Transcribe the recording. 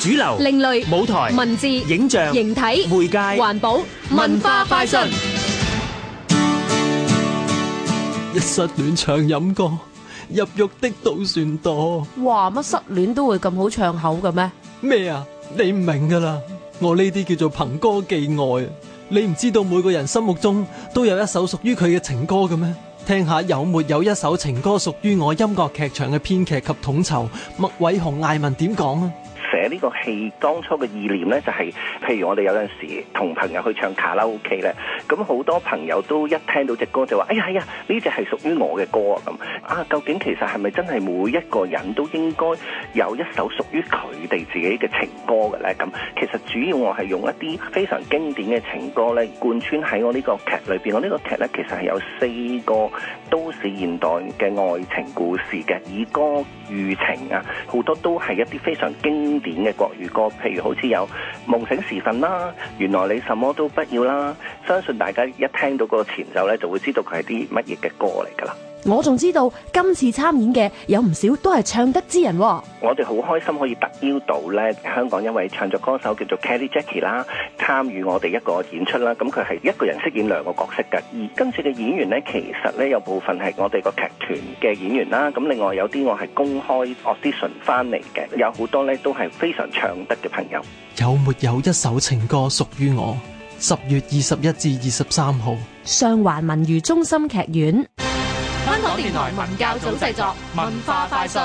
主流、另類、舞台、文字、影像、形體、媒介、環保、文化、快訊。一失戀唱飲歌，入獄的都算多。哇！乜失戀都會咁好唱口嘅咩？咩啊？你唔明噶啦，我呢啲叫做憑歌寄愛。你唔知道每個人心目中都有一首屬於佢嘅情歌嘅咩？聽下有沒有一首情歌屬於我？音樂劇場嘅編劇及統籌麥偉雄艾文點講啊？呢個戲當初嘅意念咧，就是，就係譬如我哋有陣時同朋友去唱卡拉 OK 咧，咁好多朋友都一聽到隻歌就話哎呀，係呀，呢隻係屬於我嘅歌啊！咁，啊，究竟其實係咪真係每一個人都應該有一首屬於佢哋自己嘅情歌嘅咧？咁，啊，其實主要我係用一啲非常經典嘅情歌咧，貫穿喺我呢個劇裏邊，我呢個劇咧，其實係有四個都市現代嘅愛情故事嘅，以歌喻情啊，好多都係一啲非常經典。嘅國語歌，譬如好似有《夢醒時分》啦、《原來你什麼都不要》啦，相信大家一聽到個前奏咧，就會知道佢係啲乜嘢嘅歌嚟㗎啦。我仲知道今次參演嘅有唔少都係唱得之人，哦。我哋好開心可以得到咧香港一位唱作歌手叫做 Kelly Jackie 啦，參與我哋一個演出啦。咁佢係一個人飾演兩個角色嘅。而今次嘅演員呢，其實呢有部分係我哋個劇團嘅演員啦。咁、嗯、另外有啲我係公開 audition 翻嚟嘅，有好多呢都係非常唱得嘅朋友。有沒有一首情歌屬於我？十月二十一至二十三號，上環文娛中心劇院。香港電台文教組製作《文化快訊》。